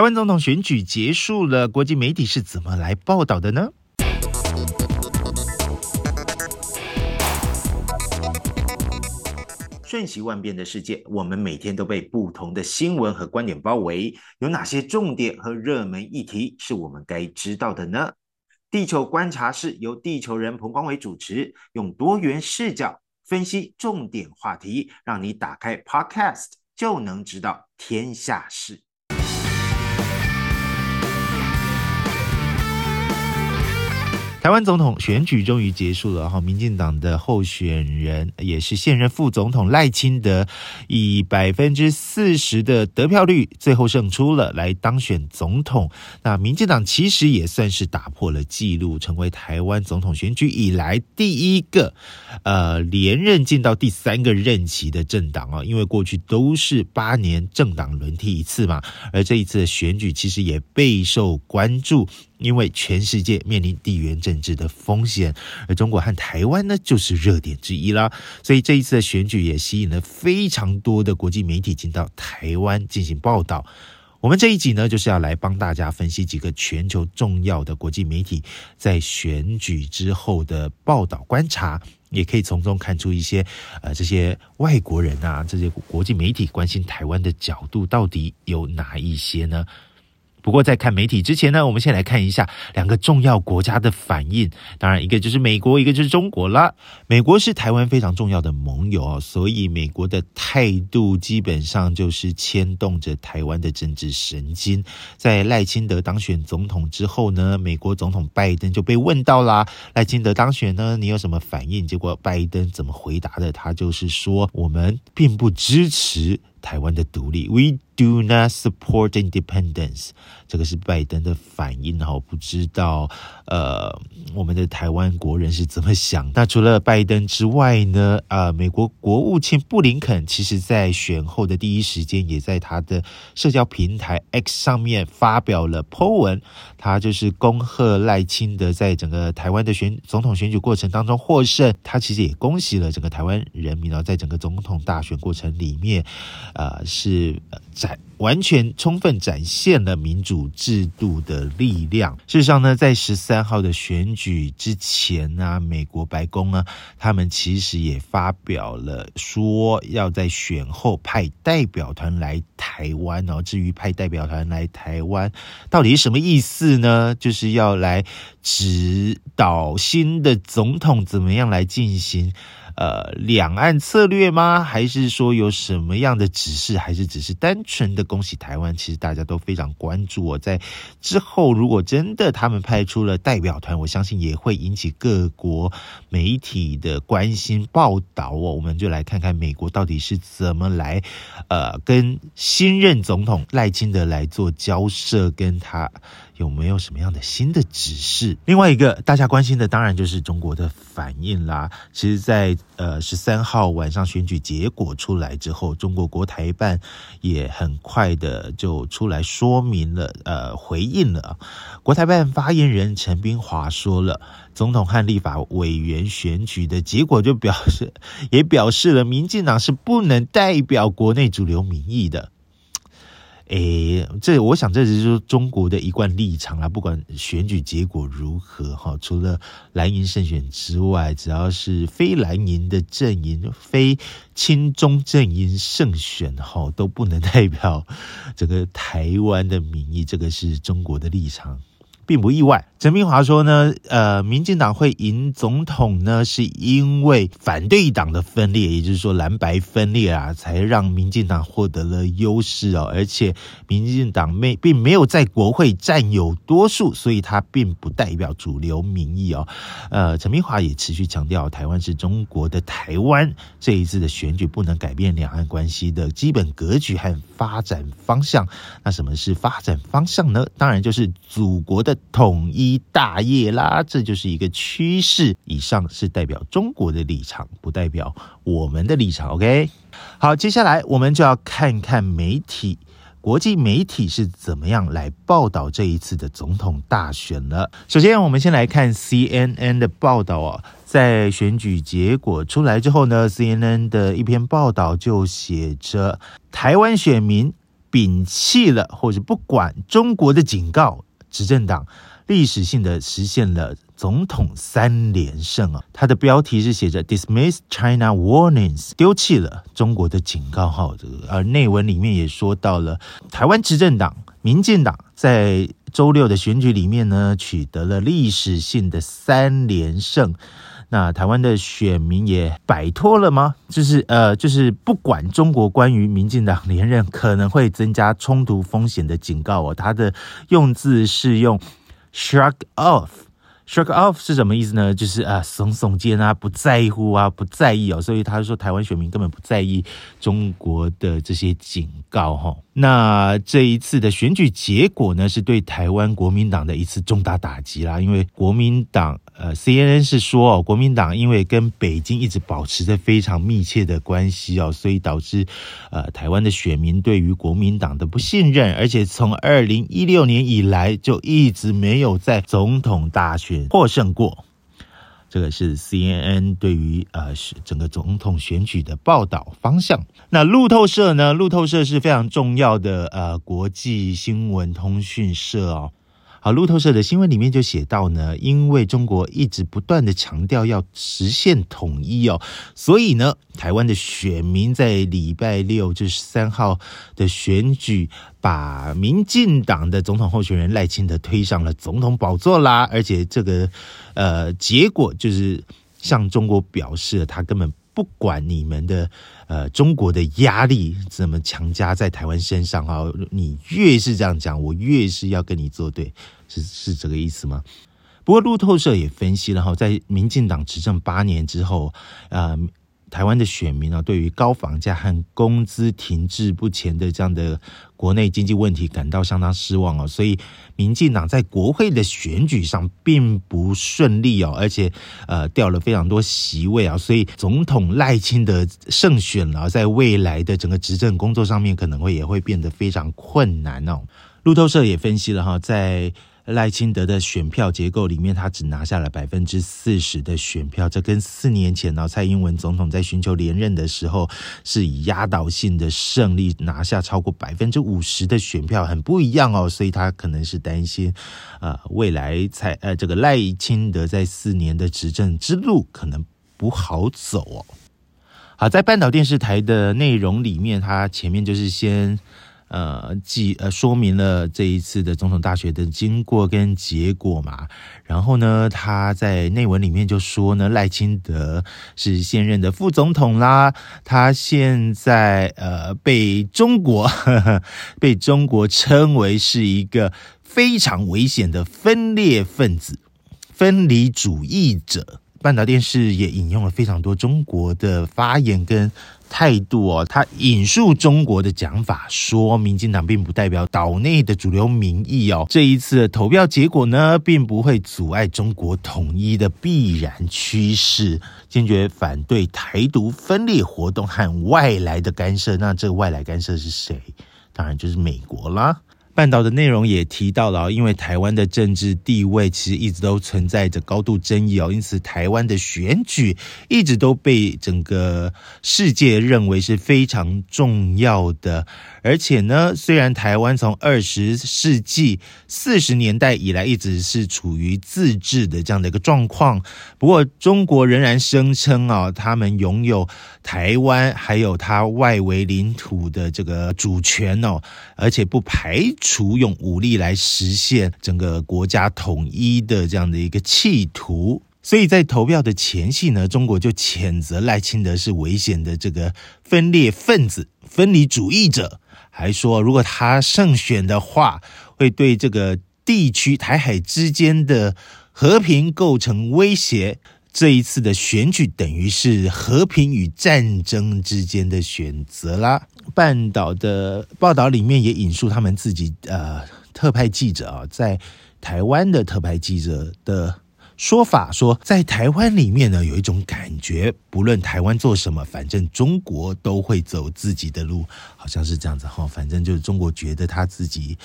台灣總統選舉結束了，國際媒體是怎麼來報道的呢？瞬息萬變的世界，我們每天都被不同的新聞和觀點包圍。有哪些重點和熱門議題是我們該知道的呢？地球觀察室由地球人彭光偉主持，用多元視角分析重點話題，讓你打開 Podcast 就能知道天下事。台灣總統選舉終於結束了哈，民進黨的候選人也是現任副總統賴清德，以百分之四十的得票率最後勝出了，來當選總統。那民進黨其實也算是打破了紀錄，成為台灣總統選舉以來第一個呃連任進到第三個任期的政黨啊，因為過去都是八年政黨輪替一次嘛，而這一次的選舉其實也備受關注。因為全世界面臨地緣政治的風險，而中國和台灣呢，就是熱點之一啦。所以這一次的選舉也吸引了非常多的國際媒體進到台灣進行報道。我們這一集呢，就是要來幫大家分析幾個全球重要的國際媒體在選舉之後的報道觀察，也可以從中看出一些，呃，這些外國人啊，這些國際媒體關心台灣的角度到底有哪一些呢？不過，在看媒體之前呢，我們先來看一下兩個重要國家的反應。當然，一個就是美國，一個就是中國啦。美國是台灣非常重要的盟友啊，所以美國的態度基本上就是牽動着台灣的政治神經。在賴清德當選總統之後呢，美國總統拜登就被問到啦：“賴清德當選呢，你有什麼反應？”結果拜登怎麼回答的？他就是說：“我們並不支持台灣的獨立。”We Do not support independence. 這個是拜登的反應，哈，不知道呃，我們的台灣國人是怎麼想？那除了拜登之外呢？啊、呃，美國國務卿布林肯其實在選後的第一時間，也在他的社交平台 X 上面發表了 Po 文，他就是恭賀賴清德在整個台灣的選總統選舉過程當中獲勝，他其實也恭喜了整個台灣人民，然後在整個總統大選過程裡面，呃，是。呃完全充分展現了民主制度的力量。事實上呢，在十三號的選舉之前啊，美國白宮呢，他們其實也發表了說要在選後派代表團來台灣。然後，至於派代表團來台灣，到底什麼意思呢？就是要來指導新的總統怎麼樣來進行。呃，兩岸策略嗎？還是說有什麼樣的指示？還是只是單純的恭喜台灣？其實大家都非常關注，哦。我在之後，如果真的他們派出了代表團，我相信也會引起各國媒體的關心報道。哦，我們就來看看美國到底是怎麼來，呃，跟新任總統賴清德來做交涉，跟他。有沒有什麼樣的新的指示？另外一個大家關心的，當然就是中國的反應啦。其實在，在呃十三號晚上選舉結果出來之後，中國國台辦也很快的就出來說明了，呃，回應了、啊。國台辦發言人陳斌華說了，總統和立法委員選舉的結果就表示，也表示了，民進黨是不能代表國內主流民意的。誒、欸，這我想這只是說中國的一貫立場啦、啊，不管選舉結果如何哈，除了藍營勝選之外，只要是非藍營的陣營、非親中陣營勝選哈，都不能代表整個台灣的民意，這個是中國的立場。並不意外，陳明華說呢，呃，民進黨會贏總統呢，是因為反對黨的分裂，也就是說藍白分裂啊，才讓民進黨獲得了優勢哦。而且民進黨沒並沒有在國會佔有多數，所以它並不代表主流民意哦。呃，陳明華也持續強調，台灣是中國的台灣，這一次的選舉不能改變兩岸關係的基本格局和發展方向。那什麼是發展方向呢？當然就是祖國的，統一大業啦，這就是一個趨勢。以上是代表中國的立場，不代表我們的立場。OK，好，接下來我們就要看看媒體，國際媒體是怎麼樣來報道這一次的總統大選了。首先，我們先來看 CNN 的報道啊、哦，在選舉結果出來之後呢，CNN 的一篇報道就寫着：台灣選民摒棄了或者不管中國的警告。執政黨歷史性的實現了總統三連勝啊！它的標題是寫着 “Dismiss China Warnings”，丟棄了中國的警告號、這個。而內文裡面也說到了，台灣執政黨民進黨在周六的選舉裡面呢，取得了歷史性的三連勝。那台灣的選民也擺脫了嗎？就是呃，就是不管中國關於民進黨連任可能會增加衝突風險的警告哦，他的用字是用 shrug off，shrug off 是什麼意思呢？就是啊、呃，聳聳肩啊，不在乎啊，不在意哦。所以他說，台灣選民根本不在意中國的這些警告，哦，哈。那這一次的選舉結果呢，是對台灣國民黨的一次重大打擊啦。因為國民黨，呃，CNN 是說哦，國民黨因為跟北京一直保持着非常密切的關係哦，所以導致，呃，台灣的選民對於國民黨的不信任，而且從二零一六年以來就一直沒有在總統大選獲勝過。這個是 CNN 對於呃是整個總統選舉的報道方向。那路透社呢？路透社是非常重要的呃國際新聞通訊社哦。好，路透社的新聞裡面就寫到呢，因為中國一直不斷的強調要實現統一哦，所以呢，台灣的選民在禮拜六就是三號的選舉，把民進黨的總統候選人賴清德推上了總統寶座啦，而且這個呃結果就是向中國表示了他根本。不管你們的，呃，中國的壓力怎麼強加在台灣身上啊。你越是這樣講，我越是要跟你作對，是是這個意思嗎？不過路透社也分析了哈，在民進黨執政八年之後，啊、呃。台灣的選民呢，對於高房價和工資停滯不前的這樣的國內經濟問題感到相當失望哦，所以民進黨在國會的選舉上並不順利哦，而且呃掉了非常多席位啊，所以總統賴清德勝選了，在未來的整個執政工作上面，可能會也會變得非常困難哦。路透社也分析了哈，在。賴清德的選票結構裡面，他只拿下了百分之四十的選票，這跟四年前，哦，蔡英文總統在尋求連任的時候，是以壓倒性的勝利拿下超過百分之五十的選票很不一樣哦，所以他可能是擔心，呃，未來蔡呃這個賴清德在四年的執政之路可能不好走哦。好，在半島電視台的內容裡面，他前面就是先。呃，記呃，說明了這一次的總統大選的經過跟結果嘛。然後呢，他在內文裡面就說呢，賴清德是現任的副總統啦。他現在呃，被中國，呵呵，被中國稱為是一個非常危險的分裂分子、分離主義者。半島電視也引用了非常多中國的發言跟態度哦，他引述中國的講法，說民進黨並不代表島內的主流民意哦。這一次投票結果呢，並不會阻礙中國統一的必然趨勢，堅決反對台獨分裂活動和外來的干涉。那這個外來干涉是誰？當然就是美國啦。半島的內容也提到了，因為台灣的政治地位其實一直都存在着高度爭議哦，因此台灣的選舉一直都被整個世界認為是非常重要的。而且呢，雖然台灣從二十世紀四十年代以來一直是處於自治的這樣的一個狀況，不過中國仍然聲稱啊，他們擁有台灣還有它外圍領土的這個主權哦，而且不排除。除用武力來實現整個國家統一的這樣的一個企圖，所以在投票的前夕呢，中國就譴責賴清德是危險的這個分裂分子、分離主義者，還說如果他勝選的話，會對這個地區台海之間的和平構成威脅。這一次的選舉等於是和平與戰爭之間的選擇啦。半島的報道裡面也引述他們自己呃特派記者啊，在台灣的特派記者的。說法說，在台灣裡面呢，有一種感覺，不論台灣做什麼，反正中國都會走自己的路，好像是這樣子哈。反正就是中國覺得他自己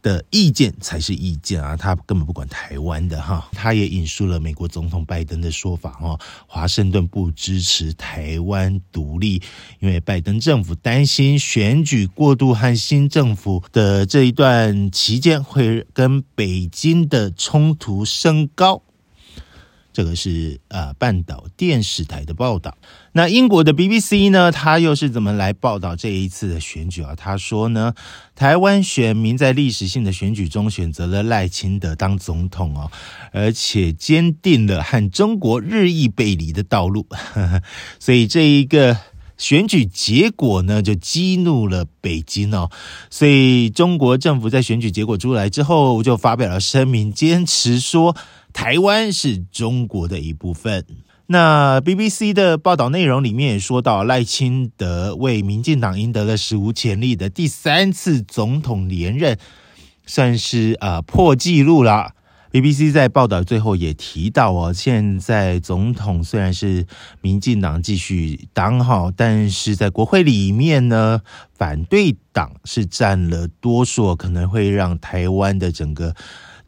的意見才是意見啊，他根本不管台灣的哈。他也引述了美國總統拜登的說法哦，華盛頓不支持台灣獨立，因為拜登政府擔心選舉過渡和新政府的這一段期間會跟北京的衝突升高。這個是啊，呃，半島電視台的報道。那英國的 BBC 呢，它又是怎麼來報道這一次的選舉啊？他說呢，台灣選民在歷史性的選舉中選擇了賴清德當總統哦，而且堅定了和中國日益背離的道路。 所以這一個選舉結果呢，就激怒了北京哦。所以中國政府在選舉結果出來之後，就發表了聲明，堅持說。台灣是中國的一部分。那 BBC 的報道內容裡面也說到，賴清德為民進黨贏得了史無前例的第三次總統連任，算是、啊、破紀錄了。BBC 在報道最後也提到哦，現在總統雖然是民進黨繼續當好，但是在國會裡面呢，反對黨是占了多數，可能會讓台灣的整個。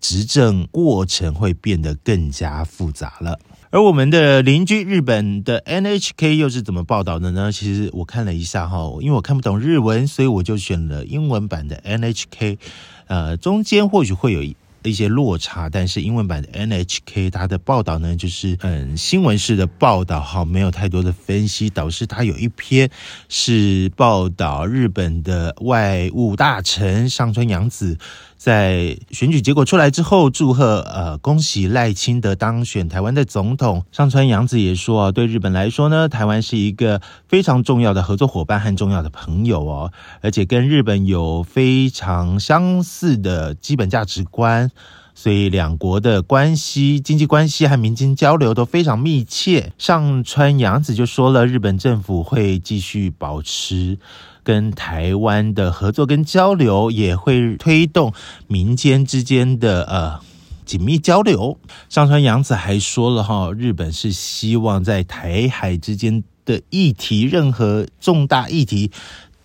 執政過程會變得更加複雜了。而我們的鄰居日本的 NHK 又是怎麼報道的呢？其實我看了一下哈，因為我看不懂日文，所以我就選了英文版的 NHK。呃，中間或許會有一些落差，但是英文版的 NHK 它的報道呢，就是嗯新聞式的報道哈，沒有太多的分析。導致它有一篇是報道日本的外務大臣上川陽子，在選舉結果出來之後，祝賀呃，恭喜賴清德當選台灣的總統。上川陽子也說啊，對日本來說呢，台灣是一個非常重要的合作夥伴和重要的朋友哦，而且跟日本有非常相似的基本價值觀，所以兩國的關係、經濟關係和民間交流都非常密切。上川陽子就說了，日本政府會繼續保持。跟台灣的合作跟交流，也會推動民間之間的呃緊密交流。上川陽子還說了哈，日本是希望在台海之間的議題，任何重大議題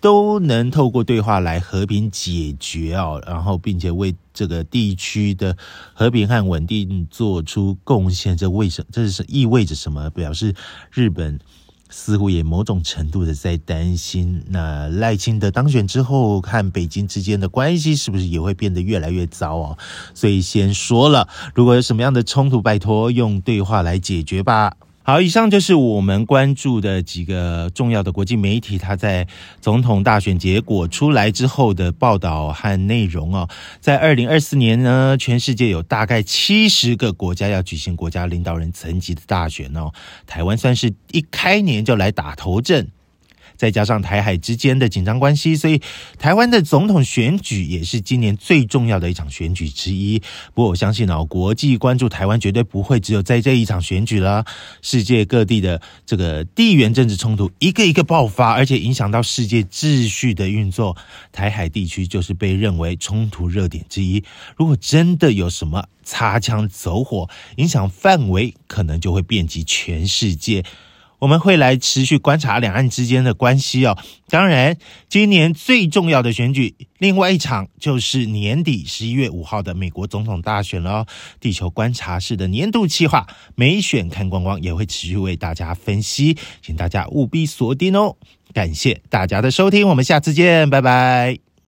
都能透過對話來和平解決啊，然後並且為這個地區的和平和穩定做出貢獻。這為什這是意味着什麼？表示日本。似乎也某種程度的在擔心，那賴清德當選之後和北京之間的關係是不是也會變得越來越糟哦？所以先說了，如果有什麼樣的衝突，拜託用對話來解決吧。好，以上就是我們關注的幾個重要的國際媒體，它在總統大選結果出來之後的報道和內容哦。在二零二四年呢，全世界有大概七十個國家要舉行國家領導人層級的大選哦。台灣算是一開年就來打頭陣。再加上台海之間的緊張關係，所以台灣的總統選舉也是今年最重要的一場選舉之一。不過，我相信啊，國際關注台灣絕對不會只有在這一場選舉了。世界各地的這個地緣政治衝突一個一個爆發，而且影響到世界秩序的運作。台海地區就是被認為衝突熱點之一。如果真的有什麼擦槍走火，影響範圍可能就會遍及全世界。我們會來持續觀察兩岸之間的關係哦。當然，今年最重要的選舉，另外一場就是年底十一月五號的美國總統大選囉。地球觀察室的年度計劃，美選看光光也會持續為大家分析，請大家務必鎖定哦。感謝大家的收聽，我們下次見，拜拜。